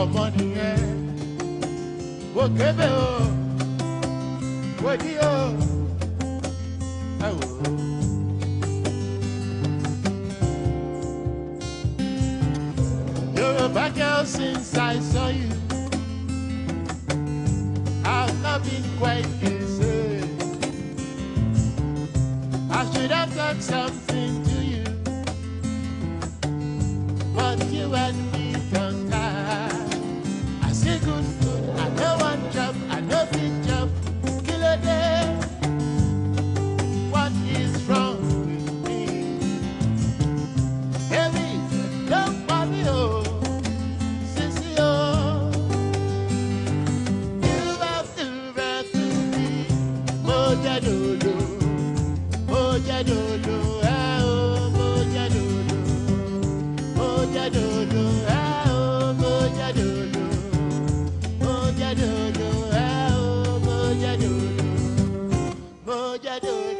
ọmọ nìyẹn girl since I saw you I've not been quite the same I should have done something to you But you and me jẹ́ dòdò ó jẹ́ dòdò ẹ ó mo jẹ́ dòdò ó jẹ́ dòdò ẹ ó mo jẹ́ dòdò ó jẹ́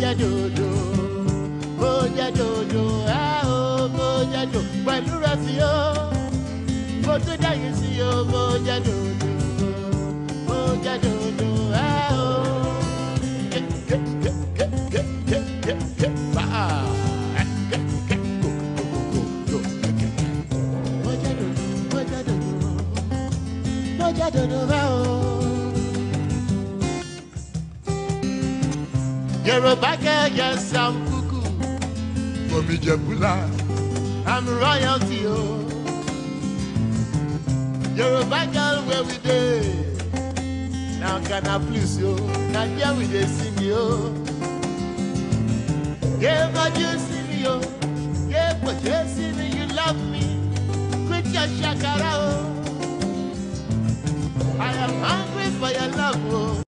jẹ́ dòdò bó jẹ́ dòdò á o bó jẹ́ dòdò pẹ̀lú rẹ̀ sí o mo tún dẹ́yìn sí o bó jẹ́ dòdò bó jẹ́ dòdò á o. Bó jẹ́ dòdò bá o. Yoruba girl, yes, I'm cuckoo. For me, Jebula, I'm royalty, oh. Yoruba girl, where we day. Now can I please you? Now here we dey sing you. Oh. Yeah, but you see me, yo. Oh. Yeah, but you see me, you love me. Quit your shakara, oh. I am hungry for your love, oh.